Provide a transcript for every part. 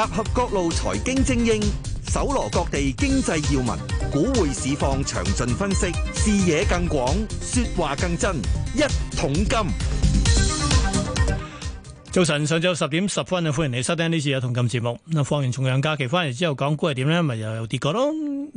集合各路財經精英，搜羅各地經濟要聞，股匯市況詳盡分析，視野更廣，說話更真。一桶金早晨，上晝十點十分啊，歡迎你收聽呢次一桶金節目。嗱，放完重陽假期翻嚟之後，港股係點呢？咪又有跌過咯，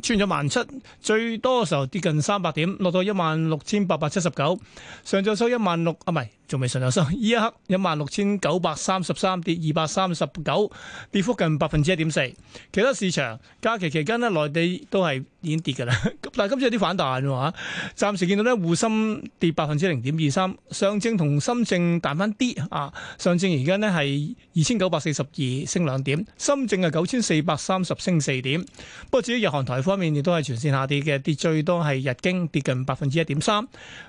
穿咗萬七，最多嘅時候跌近三百點，落到一萬六千八百七十九。上晝收一萬六啊，唔係。仲未上收，依一刻一萬六千九百三十三跌二百三十九，跌幅近百分之一點四。其他市場假期期間咧，內地都係已經跌㗎喇。 但係今次有啲反彈喎，暫時見到呢滬深跌百分之零點二三，上證同深證彈翻啲啊。上證而家呢係。二千九百四十二升兩點，深圳係九千四百三十升四點。不過至於日韓台方面，亦都係全線下跌嘅，跌最多係日經跌近百分之一點三。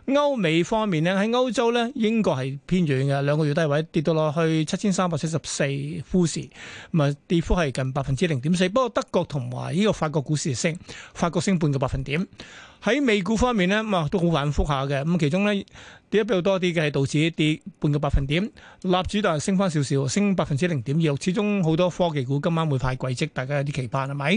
歐美方面呢，喺歐洲呢，英國係偏軟嘅，兩個月低位跌到落去七千三百七十四，富時，咁啊，跌幅係近百分之零點四。不過德國同埋呢個法國股市升，法國升半個百分點。喺美股方面咧，啊都好反覆下嘅。咁其中呢，跌得比較多啲嘅係道指跌半個百分點，納指就升翻少少，升百分之零點二六。始終好多科技股今晚會派季績，大家有啲期盼係咪？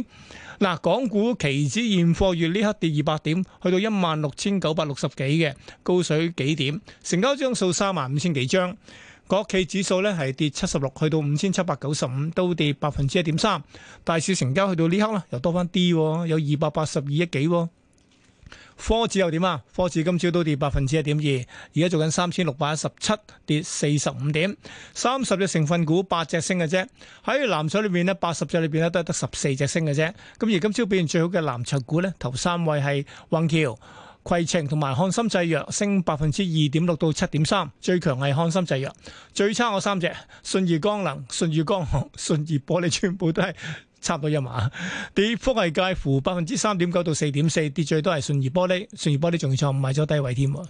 嗱、啊，港股期指現貨月呢刻跌二百點，去到一萬六千九百六十幾嘅高水幾點，成交張數三萬五千幾張。國企指數呢係跌七十六，去到五千七百九十五，都跌百分之一點三。大市成交去到呢刻啦，又多翻啲，有二百八十二億幾。科指又點啊？科指今朝都跌百分之一點二，而家做緊三千六百一十七，跌四十五點，三十隻成分股，八隻升嘅啫。喺藍籌裏面呢，八十隻裏邊咧都係得十四隻升嘅啫。咁而今朝表現最好嘅藍籌股呢，頭三位係宏橋、攜程同埋翰森製藥，升百分之二點六到七點三，最強係翰森製藥。最差嗰三隻，信義光能、信義江河、信義玻璃，全部都係。差唔多一碼，跌幅係介乎百分之三點九到四點四，跌最多係信義玻璃，信義玻璃仲要再賣咗低位添。好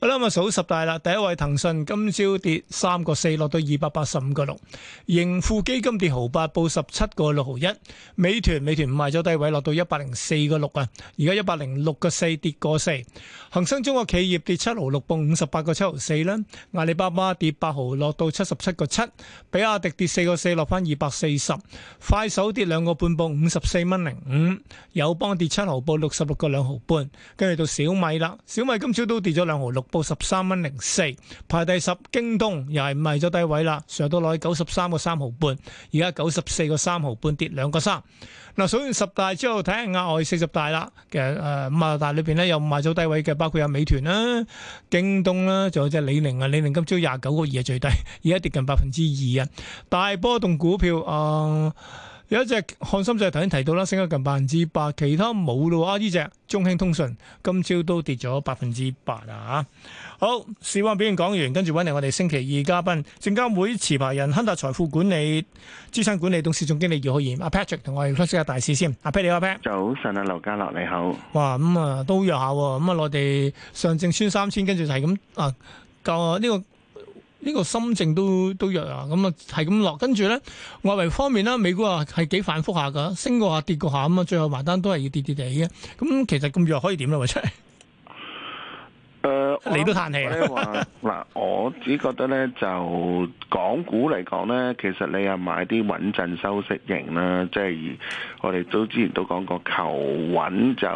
啦，咁數十大啦，第一位騰訊今朝跌三個四，落到二百八十五個六，盈富基金跌毫八，報十七個六毫一，美團美團賣咗低位,落到一百零四個六啊，而家一百零六個四跌個四，恒生中國企業跌七毫六，報五十八個七毫四啦，阿里巴巴跌八毫，落到七十七個七，比亞迪跌四個四，落翻二百四十，快手跌，兩個半布五十四蚊零五，友邦跌七毫布六十六個兩毫半，跟住到小米啦，小米今朝都跌咗兩毫六布十三蚊零四，04, 排第十，京東又係賣咗低位啦，上到落去九十三個三毫半，而家九十四個三毫半跌兩個三。嗱，數完十大之後睇下額外四十大啦，其實誒咁啊，但、呃、係裏邊咧有賣咗低位嘅，包括有美團啦、京東啦，仲有隻李寧啊，李寧今朝廿九個二係最低，而家跌近百分之二啊，大波動股票誒。呃有一隻恆生就頭先提到啦，升咗近百分之八，其他冇咯啊！呢隻中興通訊今朝都跌咗百分之八啊！好，市況表現講完，跟住揾嚟我哋星期二嘉賓，證監會持牌人亨達財富管理資產管理董事總經理葉浩然阿 Patrick 同我哋分析下大市先。阿、啊、Patrick，、啊、早晨啊，劉家樂你好。哇，咁、嗯、啊都約下喎，咁、嗯、啊我哋上證穿三千，跟住就係咁啊個呢、這個。呢個心情都都弱啊，咁啊係咁落，跟住咧外圍方面咧，美股啊係幾反覆下噶，升過下跌過下，咁啊最後還單都係要跌跌哋嘅，咁其實咁弱可以點咧？出嚟。誒，呃、你都嘆氣啊！嗱、 呃呃，我只覺得咧就港股嚟講咧，其實你又買啲穩陣收息型啦，即係我哋都之前都講過，求穩就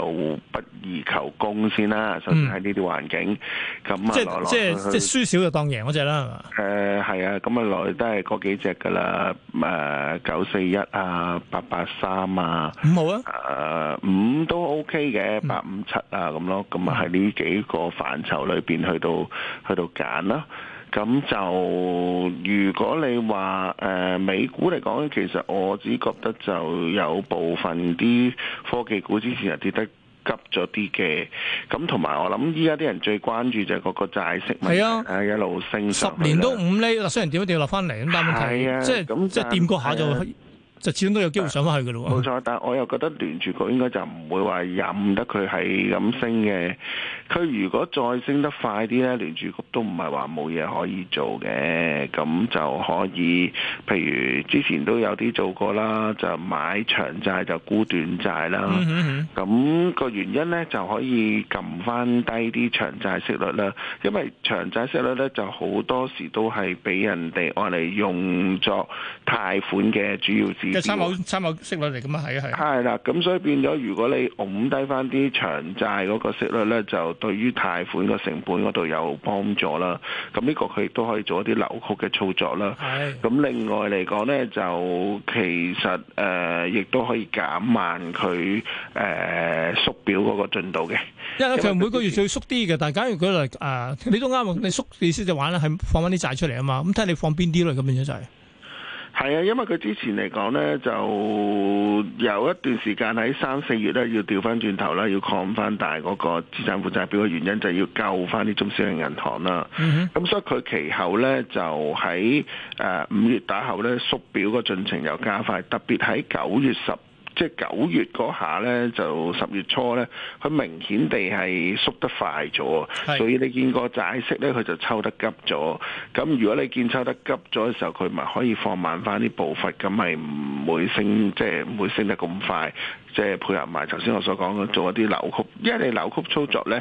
不宜求攻先啦。首先喺呢啲環境咁啊、嗯嗯，即係即係即輸少就當贏嗰隻啦。誒、嗯，係啊，咁啊來都係嗰幾隻噶啦，誒九四一啊，八八三啊，五號啊，誒五、呃、都 OK 嘅，八五七啊咁咯，咁啊係呢幾個反，範疇裏邊去到去到揀啦，咁就如果你話誒美股嚟講，其實我只覺得就有部分啲科技股之前係跌得急咗啲嘅。咁同埋我諗依家啲人最關注就係嗰個債息，係啊，一路升上十年都五厘，嗱雖然跌一跌落翻嚟，咁但係即係即係掂過下就。就始終都有機會上翻去嘅咯，冇錯，但我又覺得聯儲局應該就唔會話任得佢係咁升嘅。佢如果再升得快啲咧，聯儲局都唔係話冇嘢可以做嘅。咁就可以，譬如之前都有啲做過啦，就買長債就沽短債啦。咁、嗯、個原因咧就可以撳翻低啲長債息率啦，因為長債息率咧就好多時都係俾人哋按嚟用作貸款嘅主要。嘅參考參考息率嚟嘅嘛，係啊係。係啦，咁 所以變咗，如果你掹低翻啲長債嗰個息率咧，就對於貸款個成本嗰度有幫助啦。咁呢個佢亦都可以做一啲扭曲嘅操作啦。係。咁另外嚟講咧，就其實誒、呃、亦都可以減慢佢誒縮表嗰個進度嘅。因為佢、就是、每個月最縮啲嘅，但係假如佢嚟誒，你都啱你縮意思就玩啦，係放翻啲債出嚟啊嘛。咁睇下你放邊啲咯，咁樣就係。係啊，因為佢之前嚟講呢，就有一段時間喺三四月呢要調翻轉頭啦，要擴翻大嗰個資產負債表嘅原因，就係、是、要救翻啲中小型銀行啦。咁、mm hmm. 所以佢其後呢，就喺誒五月打後呢，縮表個進程又加快，特別喺九月十。即係九月嗰下呢，就十月初呢，佢明顯地係縮得快咗，是所以你見個債息呢，佢就抽得急咗。咁如果你見抽得急咗嘅時候，佢咪可以放慢翻啲步伐，咁咪唔會升，即係唔會升得咁快。即係配合埋頭先我所講嘅做一啲扭曲，因為你扭曲操作呢。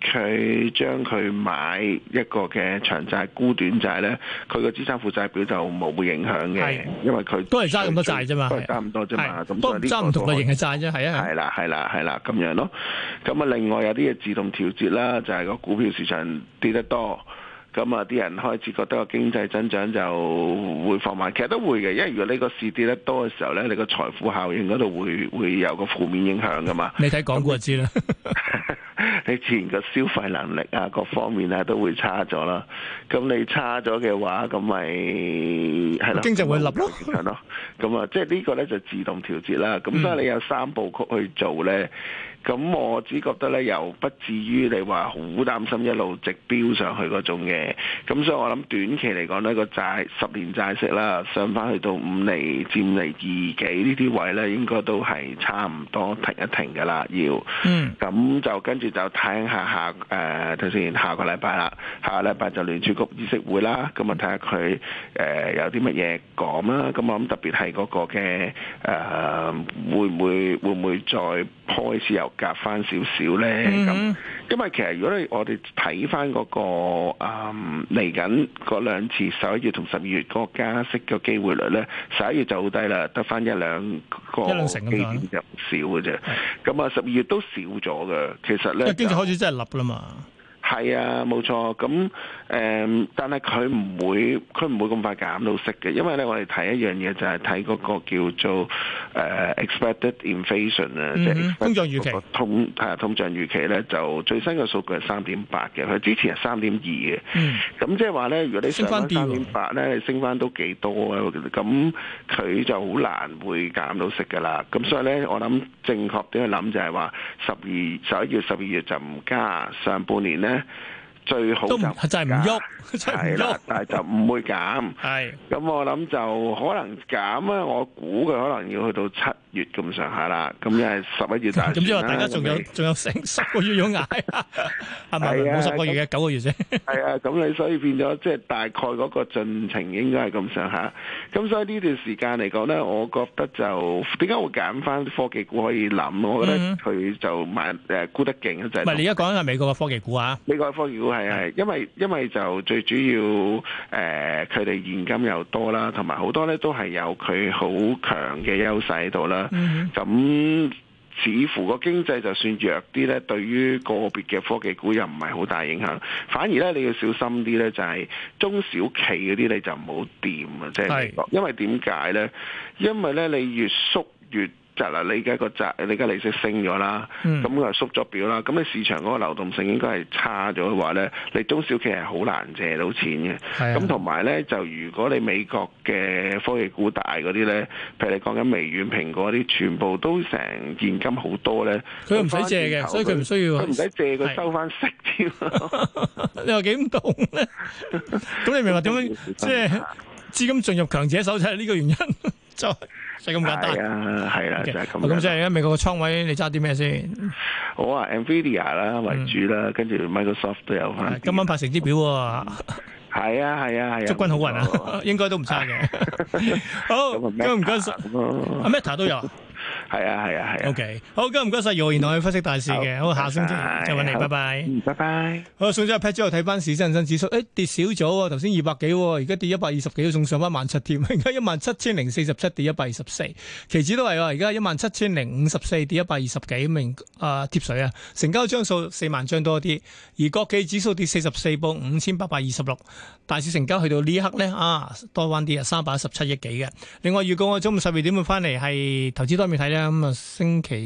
佢將佢買一個嘅長債沽短債咧，佢個資產負債表就冇會影響嘅，的因為佢都係揸咁多債啫嘛，的都係揸咁多啫嘛，都揸唔同類型嘅債啫，係啊，係啦，係啦，係啦，咁樣咯。咁啊，另外有啲嘢自動調節啦，就係、是、個股票市場跌得多。咁啊，啲人開始覺得個經濟增長就會放慢，其實都會嘅，因為如果你個市跌得多嘅時候咧，你個財富效應嗰度會會有個負面影響噶嘛。 你睇港股就知啦， 你自然個消費能力啊各方面啊都會差咗啦。咁你差咗嘅話，咁咪係啦， 了經濟會落咯，係 咯。咁啊，即係呢個咧就自動調節啦。咁所以你有三部曲去做咧。咁我只覺得咧，又不至於你話好擔心一路直，直飆上去嗰種嘅。咁所以我諗短期嚟講呢個債十年債息啦，上翻去到五厘，佔嚟二幾呢啲位咧，應該都係差唔多停一停噶啦。要，咁、嗯、就跟住就睇下、呃、下誒，頭先下個禮拜啦，下個禮拜就聯儲局議息會啦。咁啊睇下佢誒有啲乜嘢講啦。咁我諗特別係嗰個嘅誒、呃，會唔會會唔會再？開始又隔翻少少咧，咁因為其實如果你我哋睇翻嗰個啊嚟緊嗰兩次十一月同十二月嗰個加息嘅機會率咧，十一月就好低啦，得翻一兩個成幾點就少嘅啫。咁啊十二月都少咗㗎，其實咧， 因為經濟開始真係落啦嘛，係 啊冇錯咁。嗯。誒，um, 但係佢唔會，佢唔會咁快減到息嘅，因為咧，我哋睇一樣嘢就係睇嗰個叫做誒、uh, expected inflation 啦、嗯哼，即係是通脹通預期。通係通脹預期咧，就最新嘅數據係三點八嘅，佢之前係三點二嘅。咁即係話咧，如果你升翻三點八咧，你升翻都幾多啊？咁佢就好難會減到息㗎啦。咁所以咧，我諗正確點去諗就係話十二十一月十二月就唔加，上半年咧。最好都真係唔喐，係啦，但係就唔會減。係咁，我諗就可能減啊！我估佢可能要去到七月咁上下啦。咁又係十一月大選啦。咁即係話大家仲有仲有成十個月要捱啊？係咪啊？冇十個月嘅，九個月啫。係啊，咁你所以變咗即係大概嗰個進程應該係咁上下。咁所以呢段時間嚟講咧，我覺得就點解會減翻科技股可以諗？我覺得佢就賣誒沽得勁就係。唔係你而家講緊係美國嘅科技股啊？美國嘅科技股係。係係，因為因為就最主要誒，佢、呃、哋現金又多啦，同埋好多咧都係有佢好強嘅優勢喺度啦。咁、嗯、哼似乎個經濟就算弱啲咧，對於個別嘅科技股又唔係好大影響，反而咧你要小心啲咧，就係、是、中小企嗰啲你就唔好掂啊！即係的，因為點解咧？因為咧你越縮越你而家個債，你而家利息升咗啦，咁啊、嗯、縮咗表啦，咁你市場嗰個流動性應該係差咗嘅話咧，你中小企係好難借到錢嘅，咁同埋咧就如果你美國嘅科技股大嗰啲咧，譬如你講緊微軟、蘋果啲，全部都成現金好多咧，佢又唔使借嘅，所以佢唔需要，佢唔使借，佢收翻息添，你話幾唔同咧？咁 你明唔明點樣？即係 資金進入強者手，就係呢個原因、就係，就 就係咁簡單。係啊，係啦，就係咁。咁即係咧，美國個倉位你揸啲咩先？我啊，Nvidia 啦為主啦，跟住 Microsoft 都有。今晚派成績表。係啊，係啊，係。祝君好運啊，應該都唔差嘅。好，唔該唔該曬。阿 Meta 都有。係啊，係啊，係啊，OK 好，唔該唔該晒，我原來去分析大市嘅，好，好謝謝，下星期再搵你，好 bye bye 拜拜，拜拜。好，宋仔，撇之後睇翻市，場市，場市場指數，恒生指數誒跌少咗，頭先二百幾，而家跌一百二十幾，仲上翻萬七添，而家一萬七千零四十七跌一百二十四，期指都係啊，而家一萬七千零五十四跌一百二十幾，明啊貼水啊，成交張數四萬張多啲，而國企指數跌四十四，報五千八百二十六，大市成交去到呢一刻呢，啊多翻啲啊三百一十七億幾嘅，另外預告我中午十二點會翻嚟係投資方面睇咁啊，星期二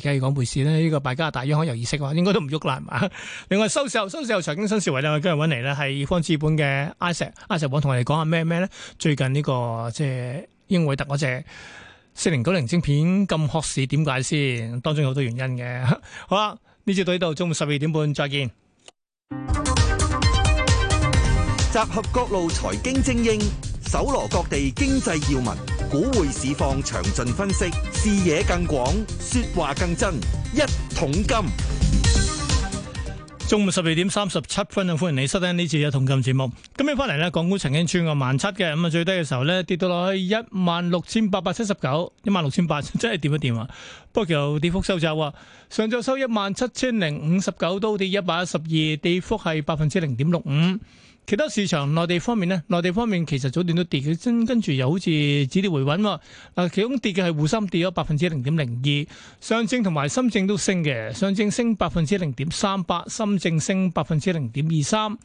繼續講匯市咧，呢個加拿大央行有議息話，應該都唔喐啦，係嘛？另外收市後，收市後財經新視維咧，今日搵嚟咧係方志本嘅阿石，阿石我同我哋講下咩咩咧？最近呢個即係英偉達嗰隻四零九零晶片咁缺市，點解先？當中有好多原因嘅。好啦，呢節到呢度，中午十二點半再見。集合各路財經精英，搜羅各地經濟要聞。股匯市況詳盡分析，視野更廣，說話更真。一桶金，中午十二點三十七分啊！歡迎你收聽呢次嘅《一桶金》節目。今日翻嚟咧，港股曾經穿過萬七嘅，咁啊最低嘅時候咧跌到落去一萬六千八百七十九，一萬六千八真係掂一掂啊！不過又跌幅收窄喎，上晝收一萬七千零五十九，都跌一百一十二，跌幅係百分之零點六五。其他市場，內地方面咧，內地方面其實早段都跌，跟跟住又好似止跌回穩。嗱，其中跌嘅係滬深跌咗百分之零點零二，上證同埋深證都升嘅，上證升百分之零點三八，深證升百分之零點二三。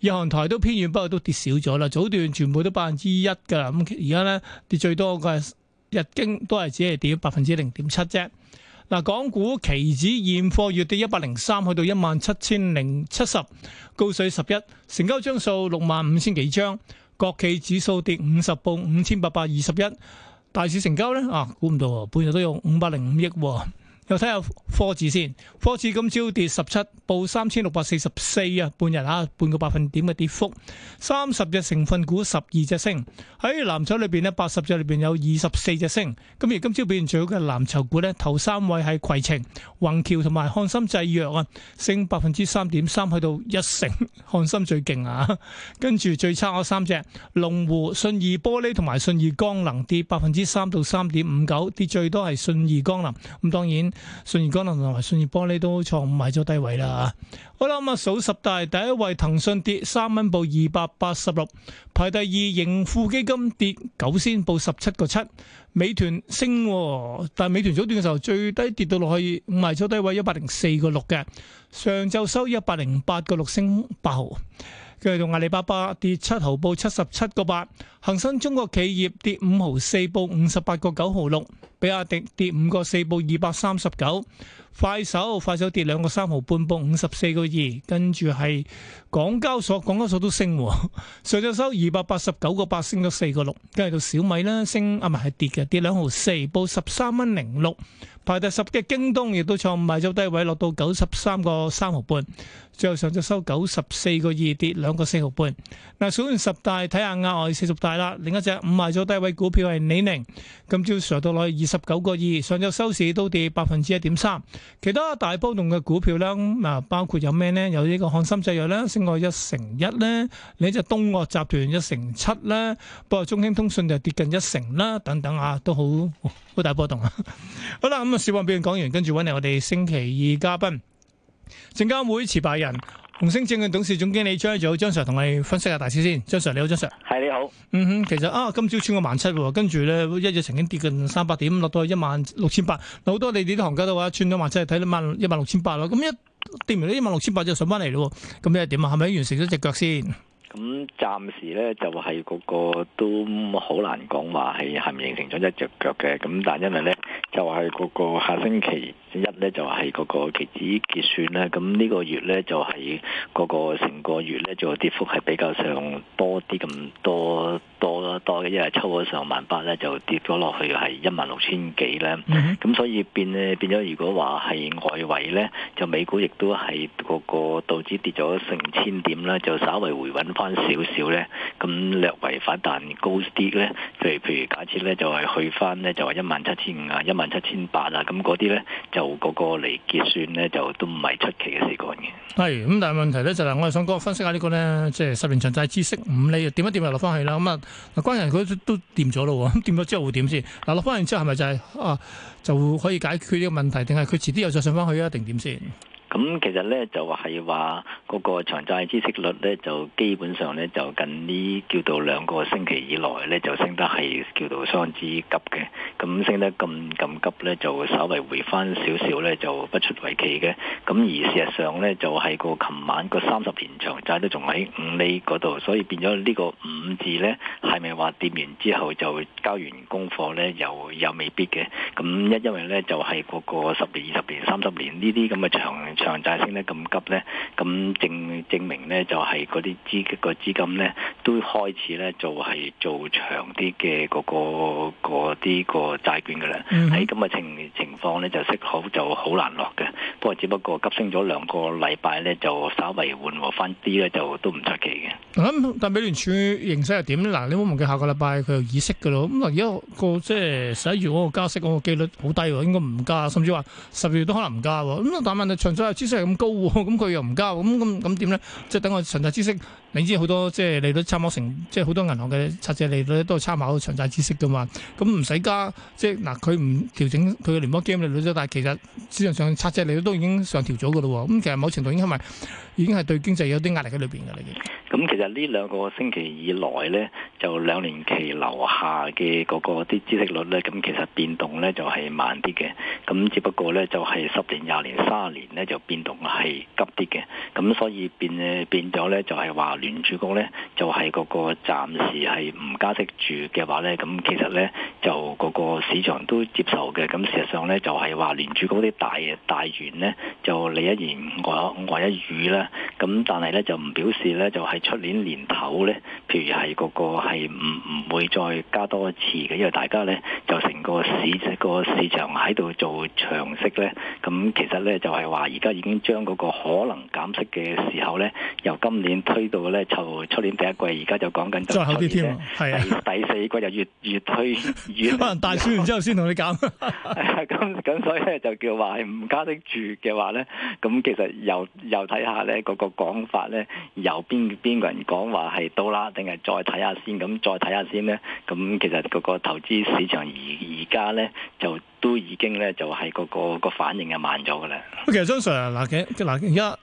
日韓台都偏遠，不過都跌少咗啦，早段全部都百分之一噶啦。咁而家呢，跌最多嘅係日經都係只係跌百分之零點七啫。嗱，港股期指現貨月跌一百零三，去到一萬七千零七十，高水十一，成交張數六萬五千幾張。國企指數跌五十報五千八百二十一，大市成交呢，啊，估唔到，半日都有五百零五億。又睇下科指先，科指今朝跌十七，報三千六百四十四啊，半日啊，半個百分點嘅跌幅。三十隻成分股十二隻升，喺藍籌裏邊呢，八十隻裏邊有二十四隻升。咁而今朝表現最好嘅藍籌股呢，頭三位係攜程、宏橋同埋翰森製藥啊，升百分之三點三，去到一成，翰森最勁啊。跟住最差嗰三隻，龍湖、信義玻璃同埋信義光能跌百分之三到三點五九，跌最多係信義光能。咁當然。信義光能同埋信義玻璃都創埋咗低位啦。好啦，咁啊數十大，第一位騰訊跌三蚊，報二百八十六。排第二盈富基金跌九仙，報十七個七。美團升，但係美團早段嘅時候最低跌到落去，埋咗低位一百零四個六嘅。上晝收一百零八個六升八毫。繼續到阿里巴巴跌七毫，報七十七個八。恒生中國企業跌五毫四，報五十八個九毫六。比亞迪跌五個四，報二百三十九。快手，快手跌兩個三毫半，報五十四個二。跟住係港交所，港交所都升。上晝收二百八十九個八，升咗四個六。跟住到小米啦，升啊，唔係係跌嘅，跌兩毫四，報十三蚊零六。排第十嘅京東亦都創埋咗低位，落到九十三個三毫半。最後上晝收九十四個二，跌兩個四毫半。嗱，數完十大，睇下額外四十大啦。另一隻五埋咗低位股票係李寧，今朝上到落二。十九個二，2，上週收市都跌百分之一點三。其他大波動嘅股票啦，啊，包括有咩呢？有呢個翰森製藥啦，升過一成一咧。呢隻東嶽集團一成七啦；不過中興通訊就跌近一成啦，等等啊，都好好大波動啊。 好啦，咁、嗯、啊，小王表講完，跟住揾嚟我哋星期二嘉賓，證監會持牌人。紅星證券董事總經理張一祖，張 Sir 同你分析下大市先。張 Sir 你好，張 Sir 係你好。嗯哼，其實啊，今朝穿個萬七，跟住咧一日曾經跌近三百點，落到一萬六千八。好多你哋啲行家都話穿咗萬七，睇到萬一萬六千八咯。咁一跌完咧，一萬六千八就上翻嚟咯。咁你又點啊，係咪完成咗隻腳先？咁暫時咧就係、是、個個都好難講話係咪形成咗一隻腳嘅，咁但因為咧就係、是、個個下星期一咧就係、是、個個期指結算啦。咁呢個月咧就係、是、個個成個月咧就跌幅係比較上多啲咁多多啦多嘅，因為抽咗上萬八咧就跌咗落去係一萬六千幾咧，咁所以變咧變咗如果話係外圍咧，就美股亦都係個個道指跌咗成千點啦，就稍為回穩。翻少少咧，咁略為反彈高啲咧，即係譬如假設咧就係、是、去翻咧就係一萬七千五啊，一萬七千八啊，咁嗰啲咧就嗰個嚟結算咧就都唔係出奇嘅事幹嘅。係，咁但係問題咧就係、是、我哋想講分析下個呢個咧，即、就、係、是、十年長債孳息五釐點一點又落翻去啦。咁、嗯、啊，嗱關人佢都掂咗咯喎，咁掂咗之後會點先？嗱落翻完之後係咪就係、是、啊就可以解決呢個問題，定係佢遲啲又再上翻去啊？定點先？咁、嗯、其實咧就係話嗰個長債孳息率咧就基本上咧就近呢叫做兩個星期以來咧就升得係叫做相當之急嘅，咁升得咁咁急咧就稍微回翻少少咧就不出為奇嘅，咁而事實上咧就係、是、個琴晚個三十年長債都仲喺五厘嗰度，所以變咗呢個五字咧係咪話跌完之後就交完功課咧？又又未必嘅，咁一因為咧就係、是、個個十年、二十年、三十年呢啲咁嘅長長這債升得咁急咧，咁證證明咧就係嗰啲資個資金咧都開始咧就係做長啲嘅嗰個嗰啲個債券噶啦。喺咁嘅情情況咧就息口就好難落嘅。不過只不過急升咗兩個禮拜咧就稍微緩和翻啲咧就都唔出奇嘅。咁但係美聯儲形勢係點咧？嗱，你咪忘記佢下個禮拜佢又議息噶咯。咁而家個即係十一月嗰個加息嗰個機率好低喎，應該唔加，甚至話十月都可能唔加喎。咁但係問題知識係咁高喎，咁佢又唔交，咁咁咁點咧？即係等我長債知識，你知好多，即係利率參考成，即係好多銀行嘅拆借利率都係參考長債知識噶嘛。咁唔使加，即係嗱，佢唔調整佢嘅聯邦基金利率，但係其實市場上拆借利率都已經上調咗噶啦喎。咁其實某程度已經係咪？已經係對經濟有啲壓力喺裏邊嘅啦。咁其實呢兩個星期以來呢，就兩年期留下嘅嗰個啲孳息率呢，咁其實變動呢就係、是、慢啲嘅。咁只不過呢，就係、是、十年、廿年、三十年呢，就變動係急啲嘅。咁所以變變咗呢，就係話聯儲局呢，就係嗰個暫時係唔加息住嘅話呢。咁其實呢，就嗰個市場都接受嘅。咁事實上呢，就係、是、話聯儲局啲大大員呢，就你一言我我一語啦。咁但係咧就唔表示咧就係出年年頭咧，譬如係個個係唔唔會再加多一次嘅，因為大家咧就成個市個市場喺度做長息咧。咁其實咧就係話而家已經將嗰個可能減息嘅時候咧，由今年推到咧就出年第一季，而家就講緊再後啲添。係啊，第四季就越越推越 可能大選完之後先同你減。 咁咁所以咧就叫話係唔加息住嘅話咧，咁其實由又由睇下咧。個個講法咧，由邊邊個人講話係到啦，定係再睇下先？咁再睇下先咧？咁其實個個投資市場而而家咧，就都已經咧、個個，就、個、係個、個個反應係慢咗㗎喇。其實張 Sir 嗱嗱而家。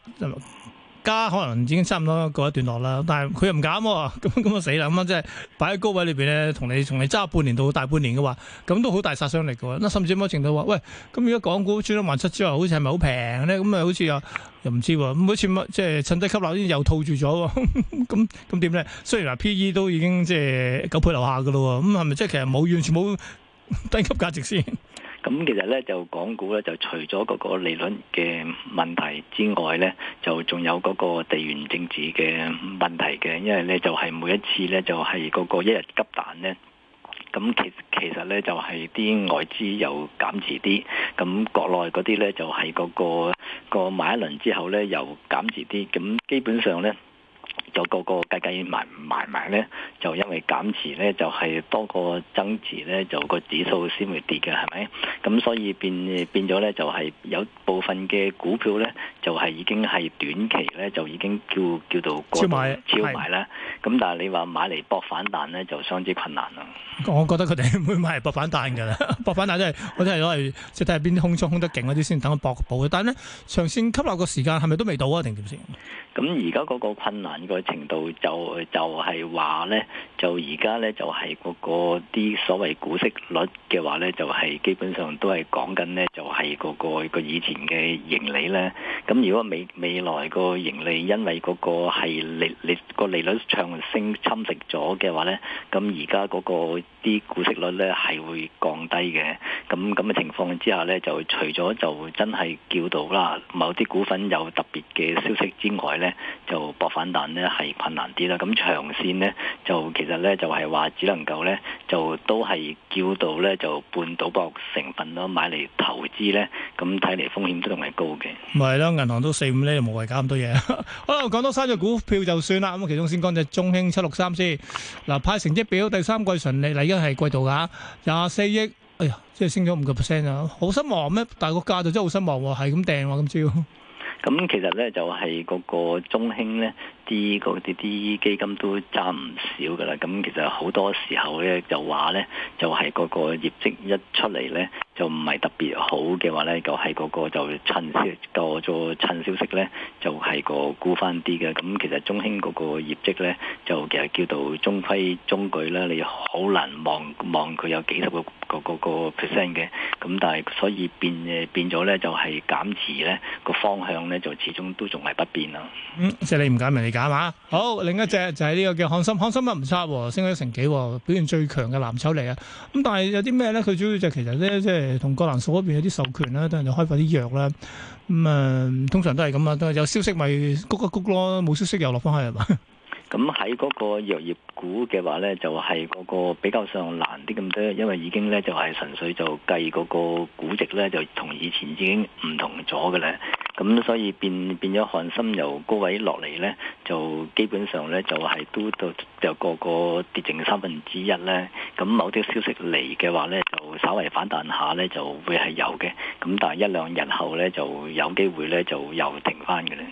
家可能已經差唔多過一段落啦，但係佢又唔減、啊，咁咁啊死啦！咁啊即係擺喺高位裏邊咧，同你同你揸半年到大半年嘅話，咁都好大殺傷力嘅喎。嗱，甚至某程度話，喂，咁而家港股穿咗萬七之後，好似係咪好平咧？咁啊，好似又又唔知喎。咁好似乜即係趁低吸納又套住咗、啊，咁咁點咧？雖然話 P E 都已經即係、就是、九倍樓下嘅咯喎，咁係咪即係其實冇完全冇低 級價值先？咁其實咧就港股咧就除咗嗰個利率嘅問題之外咧，就仲有嗰個地緣政治嘅問題嘅，因為咧就係每一次咧就係嗰個一日急彈咧，咁其其實咧就係啲外資又減持啲，咁國內嗰啲咧就係嗰個個買一輪之後咧又減持啲，咁基本上咧。有個個計計埋埋埋咧，就因為減持咧，就係多過增持咧，就個指數先會跌嘅，係咪？咁所以變變咗咧，就係有部分嘅股票咧，就係已經係短期咧，就已經叫叫做超超賣啦。咁但係你話買嚟搏反彈咧，就相當之困難啦。我覺得佢哋唔會買嚟搏反彈㗎啦，搏反彈真係我真係攞嚟即係睇下邊啲空衝空得勁嗰啲先，等佢搏補嘅。但係咧，長線吸落個時間係咪都未到啊？定點先？咁而家嗰個困難個程度就，就係話咧。就而家咧，就係個個啲所謂股息率嘅話咧，就係基本上都係講緊咧，就係個個個以前嘅盈利咧。咁如果未未來個盈利，因為嗰個係利利個利率上升侵蝕咗嘅話咧，咁而家嗰個啲股息率咧係會降低嘅。咁咁嘅情況之下咧，就除咗就真係叫到啦，某啲股份有特別嘅消息之外咧，就博反彈咧係困難啲啦。咁長線咧就其其實咧就係話只能夠咧就都係叫到咧就半賭博成分咯，買嚟投資咧，咁睇嚟風險都仲係高嘅。唔係咯，銀行都四五咧，無謂搞咁多嘢。好啦，講多三隻股票就算啦。咁啊，其中先講隻中興七六三先。嗱，派成績表第三季順利，嗱，依家係季度噶，廿四億，哎呀，即係升咗五個 percent 啊，好失望咩？但係個價就真係好失望喎，係咁定今朝。咁其實咧就係嗰個中興咧。啲啲啲基金都揸唔少㗎喇，咁其實好多時候咧就話咧，就係嗰、就是、個業績一出嚟咧就唔係特別好嘅話咧，就係嗰、就是、個就趁消息，做、那、咗、個、趁消息咧就係、是、個沽翻啲嘅。咁其實中興嗰個業績咧就其實叫做中規中矩啦，你好難望望佢有幾十個個個 percent 嘅。咁但係所以變誒變咗咧就係減持咧個方向咧就始終都仲係不變啦。嗯，即係你唔減咪係嘛？好，另一隻就係呢個叫康森。康森又唔差喎，升咗成幾，表現最強嘅藍籌嚟啊！咁但係有啲咩咧？佢主要就是、其實咧，即係同葛蘭素嗰邊有啲授權啦，等人就開發啲藥啦。咁、嗯、誒，通常都係咁啊，有消息咪谷一谷咯，冇消息又落翻去係嘛？咁喺嗰個藥業股嘅話咧，就係、是、嗰個比較上難啲咁多，因為已經咧就係純粹就計嗰個估值咧，就同以前已經唔同咗嘅咧。咁所以變變咗，恒指由高位落嚟呢，就基本上呢，就係、係、都到，就個個跌剩三分之一呢。咁某啲消息嚟嘅話呢，就稍微反彈下呢，就會係有嘅。咁但係一兩日後呢，就有機會呢，就又停返嘅咧。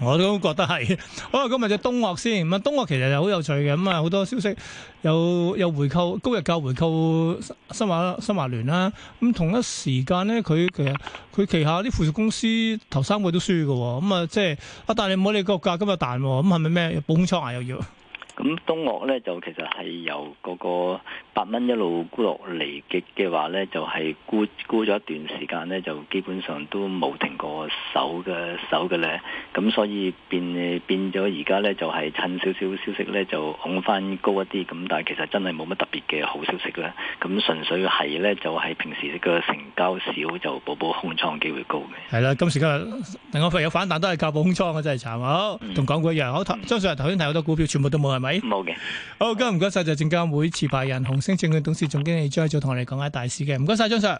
我都覺得係， 好啊！今日就東岳先，咁東岳其實就好有趣嘅，咁啊好多消息，有有回購，高日購回購新新華新華聯啦，咁同一時間咧，佢其實佢旗下啲附屬公司頭三個月都輸嘅，咁、嗯、啊即係但係你唔好你個價今日彈，咁係咪咩補空倉又要？ 咁東岳咧就其實係由嗰個八蚊一路沽落嚟嘅嘅話咧，就係、是、沽沽咗一段時間咧，就基本上都冇停過手嘅手嘅咧。咁所以變變咗而家咧就係、是、趁少少消息咧就拱翻高一啲。咁但係其實真係冇乜特別嘅好消息啦。咁純粹係咧就係、是、平時嘅成交少就補補空倉機會高嘅。係啦、嗯，今時今日另外份有反彈都係靠補空倉嘅，真係慘。好，同港股一樣，我頭張少頭先睇好多股票，全部都冇係咪？冇嘅，好，今日唔該晒就係證監會持牌人、紅星證券董事總經理張總同我哋講下大事嘅，唔該晒張 Sir。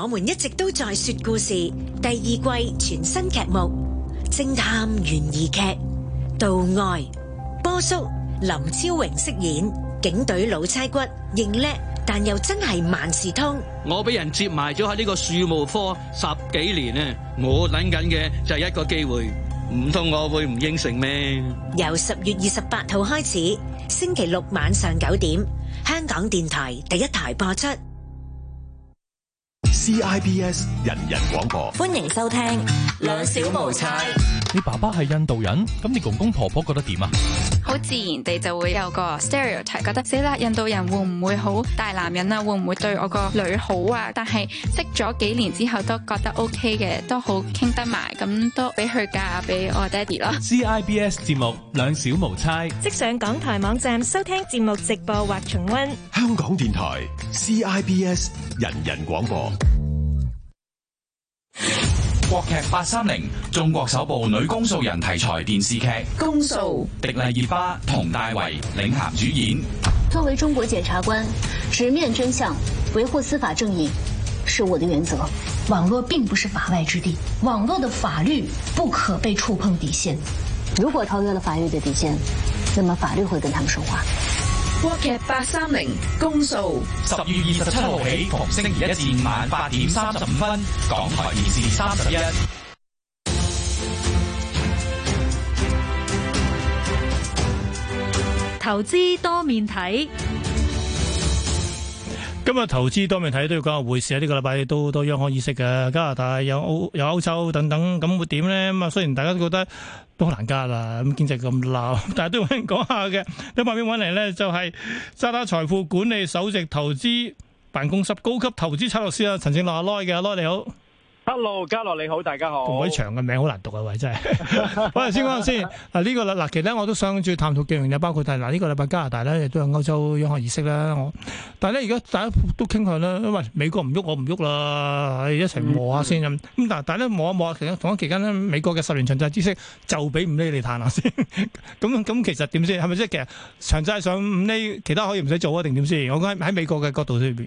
我們一直都在說故事第二季全新劇目《偵探懸疑劇》，道愛、波叔、林超榮飾演警隊老差骨，認叻但又真係萬事通。我俾人接埋咗喺呢個樹木科十幾年咧，我諗緊嘅就係一個機會。唔通我會唔應承咩？由十月二十八號開始，星期六晚上九點，香港電台第一台播出。CIBS 人人廣播，歡迎收聽兩小無猜。你爸爸係印度人，咁你公公婆婆覺得點啊？好自然地就會有個 stereotype，覺得死啦，印度人會唔會好大男人啊？會唔會對我個女好啊？但係識咗幾年之後都覺得 O K 嘅，都好傾得埋，咁都俾佢嫁俾我爹哋咯。C I B S 節目兩小無猜，即上港台網站收聽節目直播或重溫。香港電台 C I B S 人人廣播。 國劇八三零，中國首部女公訴人題材電視劇。公訴，迪麗熱巴、佟大為領銜主演。作為中國檢察官，直面真相，維護司法正義，是我的原則。網絡並不是法外之地，網絡的法律不可被觸碰底線。如果超越了法律的底線，那麼法律會跟他們說話。播劇八三零公數十月二十七號起，逢星期一至晚八點三十五分，港台電視三十一。投資多面睇。咁啊，投資多面睇都要講下匯市啊！呢、這個禮拜都多央行議息嘅，加拿大有歐有歐洲等等，咁會點咧？咁啊，雖然大家都覺得都好難加啦，咁經濟咁鬧，但係都有人講下嘅。喺外邊揾嚟咧，就係渣打財富管理首席投資辦公室高級投資策略師啊，陳正樂阿 Loy 嘅。阿 Loy，你好。hello，嘉樂你好，大家好。偉長嘅名好難讀啊，喂真係。喂， 先講下先。嗱呢個啦，嗱，其實我都想再探討嘅嘢，包括但係嗱呢個禮拜加拿大咧，亦都有歐洲央行議息啦。我但係咧，而家大家都傾向因為，美國唔喐，我唔喐啦，一齊磨一下先咁。咁 但係大家咧，磨一磨，同一期間咧，美國嘅十年長債孳息就俾五厘你彈下先。咁 咁，其實點先？係咪即係？其實長債上五厘，其他可以唔使做啊？定點先？我喺喺美國嘅角度裏邊。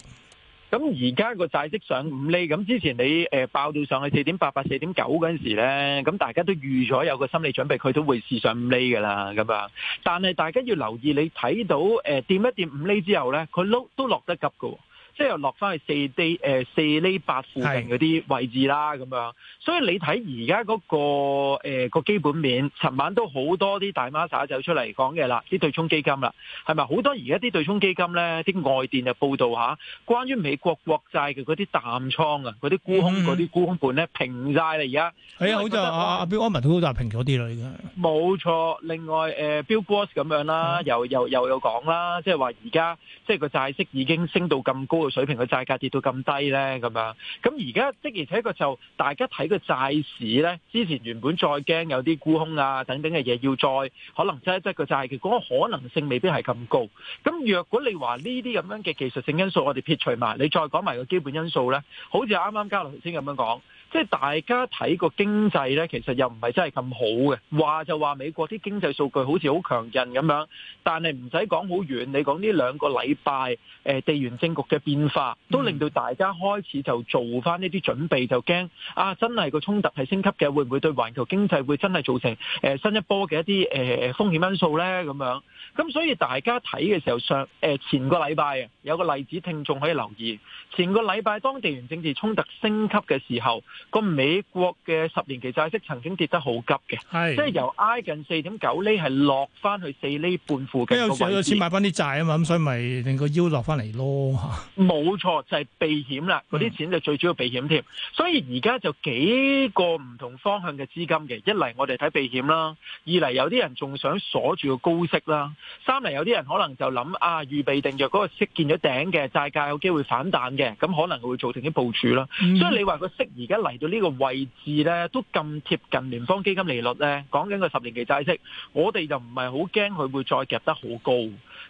咁而家個債息上五厘，咁之前你誒爆到上去四點八八、四點九嗰陣時咧，咁大家都預咗有個心理準備，佢都會試上五厘噶啦，咁樣。但係大家要留意你，你睇到誒掂一掂五厘之後咧，佢落都落得急噶，即又落翻去四 D 誒四釐八附近嗰啲位置啦，咁樣的。所以你睇而家嗰個誒個、呃、基本面，尋晚都好多啲大孖沙走出嚟講嘅啦，啲對沖基金啦，係咪好多？而家啲對沖基金咧，啲外電就報道吓關於美國國債嘅嗰啲淡倉啊，嗰啲沽空嗰啲沽空盤咧平晒啦，而家係啊，好似阿阿 Bill Ackman 都好大平咗啲啦，而家冇錯。另外誒、呃、Bill Gross 咁樣啦、嗯，又又又有講啦，即係話而家即係個債息已經升到咁高。個水平嘅債價跌到咁低呢？咁樣咁而家即而且個就大家睇個債市呢，之前原本再驚有啲沽空啊等等嘅嘢要再可能擠一擠個債，嗰個可能性未必係咁高。咁若果你話呢啲咁樣嘅技術性因素，我哋撇除埋，你再講埋個基本因素呢，好似啱啱交流頭先咁樣講。即係大家睇個經濟呢，其實又唔係真係咁好嘅。話就話美國啲經濟數據好似好強韌咁樣，但係唔使講好遠，你講呢兩個禮拜誒地緣政局嘅變化，都令到大家開始就做翻呢啲準備，就驚啊，真係個衝突係升級嘅，會唔會對環球經濟會真係造成誒、呃、新一波嘅一啲誒、呃、風險因素呢？咁樣咁，所以大家睇嘅時候上誒、呃、前個禮拜啊，有個例子，聽眾可以留意前個禮拜當地緣政治衝突升級嘅時候。個美國嘅十年期債息曾經跌得好急嘅，係即係由挨近四點九厘係落翻去四厘半附近。因為使咗錢買翻啲債啊嘛，咁所以咪令個腰落翻嚟咯嚇。冇錯，就係避險啦。嗰啲錢就最主要避險添，所以而家就幾個唔同方向嘅資金嘅。一嚟我哋睇避險啦，二嚟有啲人仲想鎖住個高息啦，三嚟有啲人可能就諗啊，預備定約嗰個息見咗頂嘅債價有機會反彈嘅，咁可能會做定啲部署啦。所以你話個息而家。嚟到呢個位置呢，都咁貼近聯邦基金利率呢，講緊個十年期債息，我哋就唔係好驚佢會再夾得好高。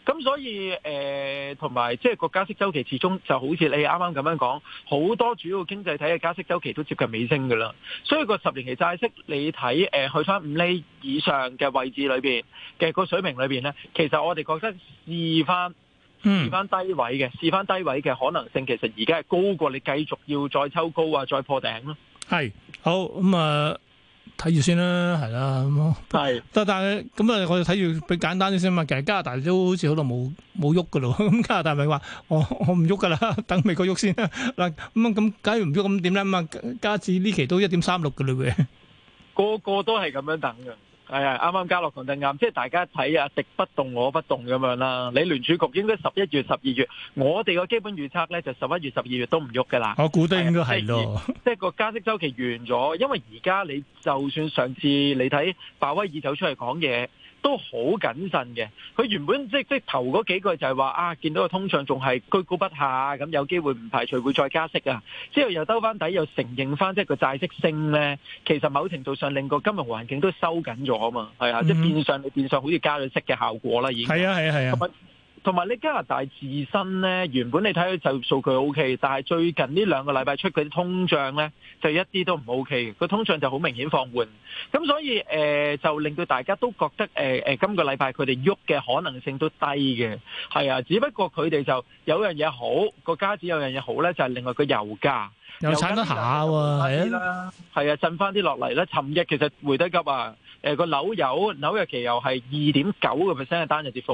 咁所以誒，同埋即係個加息週期，始終就好似你啱啱咁樣講，好多主要經濟體嘅加息週期都接近尾聲噶啦。所以個十年期債息，你睇誒去翻五厘以上嘅位置裏邊嘅個水平裏邊呢，其實我哋覺得試翻。試翻、嗯、低位嘅，試翻低位嘅可能性，其實而家係高過你繼續要再抽高啊，再破頂咯、啊。係，好咁啊，睇、嗯、住、呃、先啦，係啦，咁、嗯、咯。係是，但但咁啊，我哋睇住，比簡單啲先嘛。其實加拿大都好似好耐冇冇喐噶咯。咁加拿大咪話，我我唔喐噶啦，等美國喐先。嗱、嗯，咁、嗯、咁假如唔喐咁點咧？咁啊、嗯，加至呢期都一點三六噶啦，會、嗯、個個都係咁樣等嘅。係啊，啱啱、 哎、加落同定啱，即係大家睇啊，敵不動我不動咁樣啦。你聯儲局應該十一月、十二月，我哋個基本預測咧就十一月、十二月都唔喐噶啦。我估都應該係咯。即係個加息週期完咗，因為而家你就算上次你睇鮑威爾走出嚟講嘢，都好謹慎嘅，佢原本即即，即頭嗰幾句就係話啊，見到個通脹仲係居高不下，咁有機會唔排除會再加息啊。之後又兜翻底，又承認翻即個債息升咧，其實某程度上令個金融環境都收緊咗啊嘛。係啊，嗯、即變相變相好似加咗息嘅效果啦，已經係啊係啊係啊。同埋你加拿大自身咧，原本你睇佢就數據 O K，但係最近呢兩個禮拜出嗰啲通脹咧，就一啲都唔 O K，個通脹就好明顯放緩。咁所以誒，就令到大家都覺得誒誒，今個禮拜佢哋喐嘅可能性都低嘅。係啊，只不過佢哋就有樣嘢好，個加紙有樣嘢好咧，就係另外個油價又慘咗下喎，係啊，係啊，震翻啲落嚟咧。尋日其實回得急啊。誒個紐油紐約期又係二點九個 percent 嘅單日跌幅，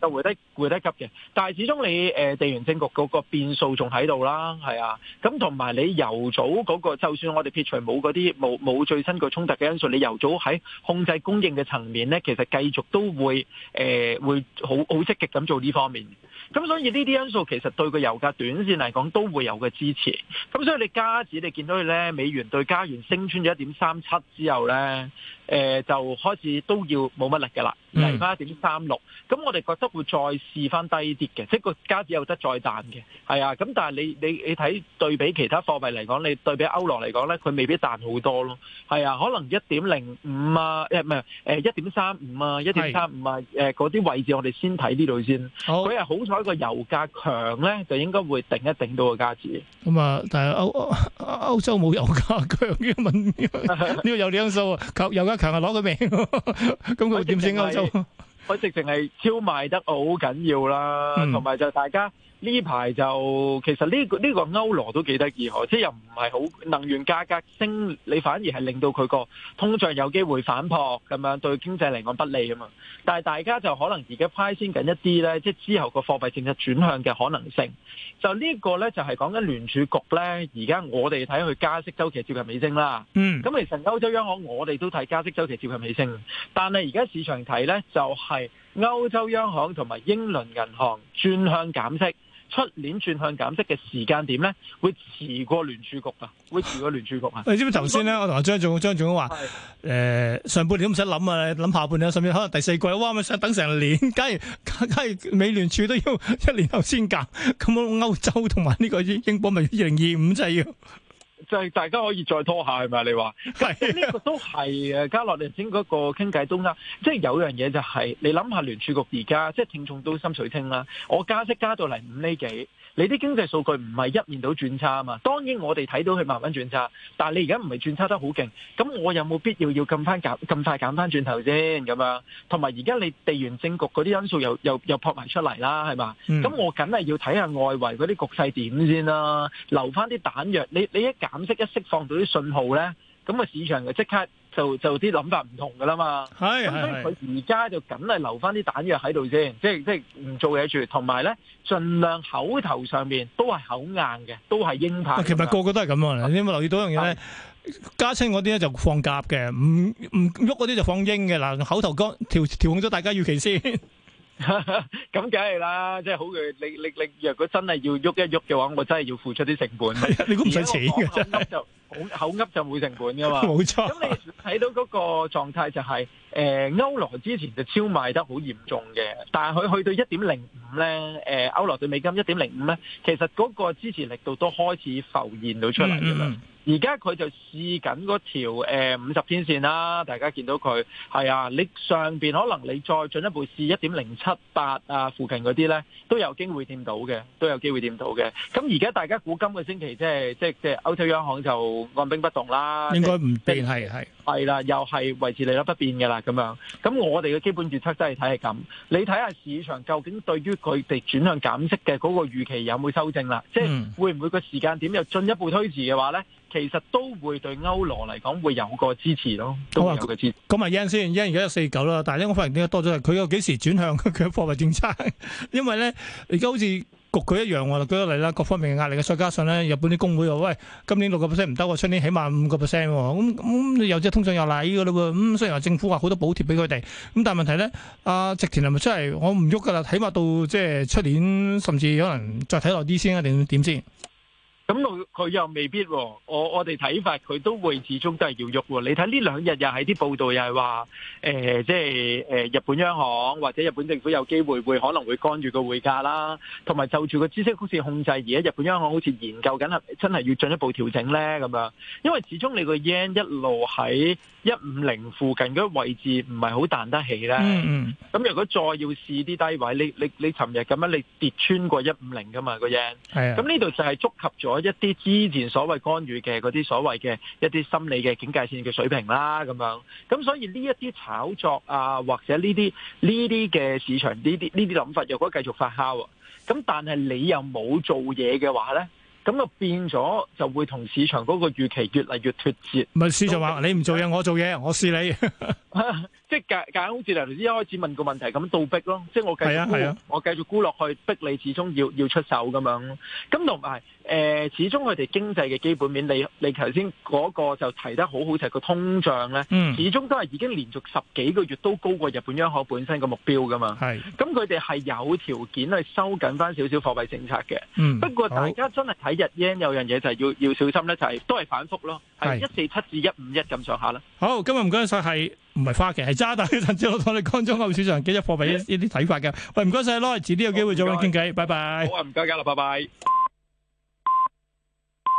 就回低回低急嘅。但係始終你誒地緣政局嗰個變數仲喺度啦，係啊。咁同埋你由早嗰個，就算我哋撇除冇嗰啲冇冇最新嘅衝突嘅因素，你由早喺控制供應嘅層面咧，其實繼續都會誒會好好積極咁做呢方面。咁所以呢啲因素其實對個油價短線嚟講都會有個支持，咁所以你加子你見到佢咧美元對加元升穿咗一點三七之後咧，誒、呃、就開始都要冇乜力嘅啦。嚟翻一點三六，咁我哋覺得會再試翻低啲嘅，即係個價錢有得再彈嘅，係啊，咁但係你你你睇對比其他貨幣嚟講，你對比歐羅嚟講咧，佢未必彈好多咯，係啊，可能一點零五啊，誒唔係誒一點三五啊，一點三五啊，誒嗰啲位置我哋先睇呢度先，佢係好彩個油價強咧，就應該會定一定到個價錢。咁啊，但係歐歐歐洲冇油價強嘅問，呢個有啲因素啊，油價強係攞個命，咁佢點先啊？我直情係超賣得好緊要啦，同埋就大家。 嗯呢排就其實呢個呢個歐羅都幾得意，即係又唔係好能源價格升，你反而係令到佢個通脹有機會反撲咁樣，對經濟嚟講不利啊嘛。但係大家就可能而家派先緊一啲呢，即係之後個貨幣政策轉向嘅可能性。就呢個呢，就係講緊聯儲局呢。而家我哋睇佢加息週期接近尾聲啦。嗯，咁其實歐洲央行我哋都睇加息週期接近尾聲，但係而家市場睇呢，就係歐洲央行同埋英倫銀行轉向減息。出年轉向減息嘅時間點咧，會遲過聯儲局啊，會遲過聯儲局啊。 你知唔知頭先咧，我同阿張總張總話，誒是、呃、上半年都唔使諗啊，諗下半年甚至可能第四季，哇咪想等成年，假如假如美聯儲都要一年後先減，咁歐洲同埋呢個英國咪二零二五就要？就係大家可以再拖下係咪？你話呢個都係誒，加落嚟先個傾偈都啦。即係有樣嘢就係你諗下聯儲局而家，即係聽眾都心水清啦。我加息加到嚟五厘幾。你啲經濟數據唔係一面到轉差啊嘛，當然我哋睇到佢慢慢轉差，但係你而家唔係轉差得好勁，咁我有冇必要要咁快減，咁快減翻轉頭先咁樣？同埋而家你地緣政局嗰啲因素又又又撲埋出嚟啦，係嘛？咁我梗係要睇下外圍嗰啲局勢點先啦，留翻啲彈藥。你你一減息，一釋放到啲信號咧，咁個市場就即刻。就就啲諗法唔同噶啦嘛，咁 所以佢而家就梗係留翻啲彈藥喺度先，即係即係唔做嘢住，同埋咧盡量口頭上面都係口硬嘅，都係鷹派。其實個個都係咁啊！你有冇留意到一樣嘢咧？加青嗰啲咧就放鴿嘅，唔唔鬱嗰啲就放鷹嘅。嗱，口頭講調調控咗大家預期先。咁梗係啦，即係好嘅。你你你，若果真係要喐一喐嘅話，我真係要付出啲成本。你都唔使錢嘅，真噏的就好，口噏就冇成本噶嘛。冇錯沒錯、就是。咁你睇到嗰個狀態就係，誒，歐羅之前就超賣得好嚴重嘅，但係佢去到一點零五咧，誒、呃，歐羅對美金一點零五咧，其實嗰個支持力度都開始浮現到出嚟嘅啦。嗯嗯而家佢就試緊嗰條誒五十天線啦，大家見到佢係啊，你上邊可能你再進一步試一點零七八啊附近嗰啲咧，都有機會掂到嘅，都有機會掂到嘅。咁而家大家估今個星期即係即係即係歐洲央行就按兵不動啦，應該唔變係係係啦，又係維持利率不變嘅啦咁樣。咁我哋嘅基本預測真係睇係咁，你睇下市場究竟對於佢哋轉向減息嘅嗰個預期有冇修正啦？即係會唔會個時間點又進一步推遲嘅話咧？其實都會對歐羅嚟講會有個支持咯。咁啊，咁啊 yen 先 yen 而家有四九啦，但係我發現點解多咗？佢又幾時轉向佢嘅貨幣政策？ 因為咧，而家好似局佢一樣喎。舉個例啦，各方面嘅壓力嘅，再加上咧，日本啲工會話：喂，今年六個 percent 唔得喎，出年起碼五個 percent 喎。咁咁你又即係通脹又嚟嘅嘞喎。咁、嗯、雖然話政府話好多補貼俾佢哋，咁但係問題咧，阿、啊、植田係咪真係我唔喐噶啦？起碼到即係出年，甚至可能再睇落啲先，定點先？咁佢又未必喎，我我哋睇法佢都會始終都係要喐喎。你睇呢兩日又係啲報道又係話，誒、呃、即係誒、呃、日本央行或者日本政府有機會會可能會干預個匯價啦，同埋就住個知識股市控制而家日本央行好似研究緊係真係要進一步調整咧咁樣，因為始終你個 yen 一路喺。一五零附近嗰位置唔係好彈得起咧，咁、嗯嗯、如果再要試啲低位，你你你尋日咁樣你跌穿過、那個、 一五零噶嘛個 yen，咁呢度就係觸及咗一啲之前所謂干預嘅嗰啲所謂嘅一啲心理嘅警戒線嘅水平啦，咁樣，咁所以呢一啲炒作啊，或者呢啲呢啲嘅市場呢啲呢啲諗法，若果繼續發酵啊，咁但係你又冇做嘢嘅話咧？咁就變咗，就會同市場嗰個預期越嚟越脫節。咪市場話：你唔做嘢，我做嘢，我試你。 即係假好似頭先一開始問個問題咁倒逼咯，即係我繼續估，啊啊、我繼續估落去逼你始終要要出手咁樣。咁同埋誒，嗯、始終佢哋經濟嘅基本面，你你頭先嗰個就提得好好就係個通脹咧，始終都係已經連續十幾個月都高過日本央行本身嘅目標噶嘛。係咁佢哋係有條件去收緊翻少少貨幣政策嘅。不過大家真係睇日 yen 有樣嘢就係要要小心咧，就係、是、都係反复咯，係一四七至一五一咁上下啦。好，今日唔該晒係。唔係花旗係渣打，但係陳志老闆，你講中澳市場幾隻貨幣呢啲睇 法嘅，喂，唔該曬咯，遲啲有機會再傾傾偈，拜拜。好啊，唔該㗎啦，拜拜。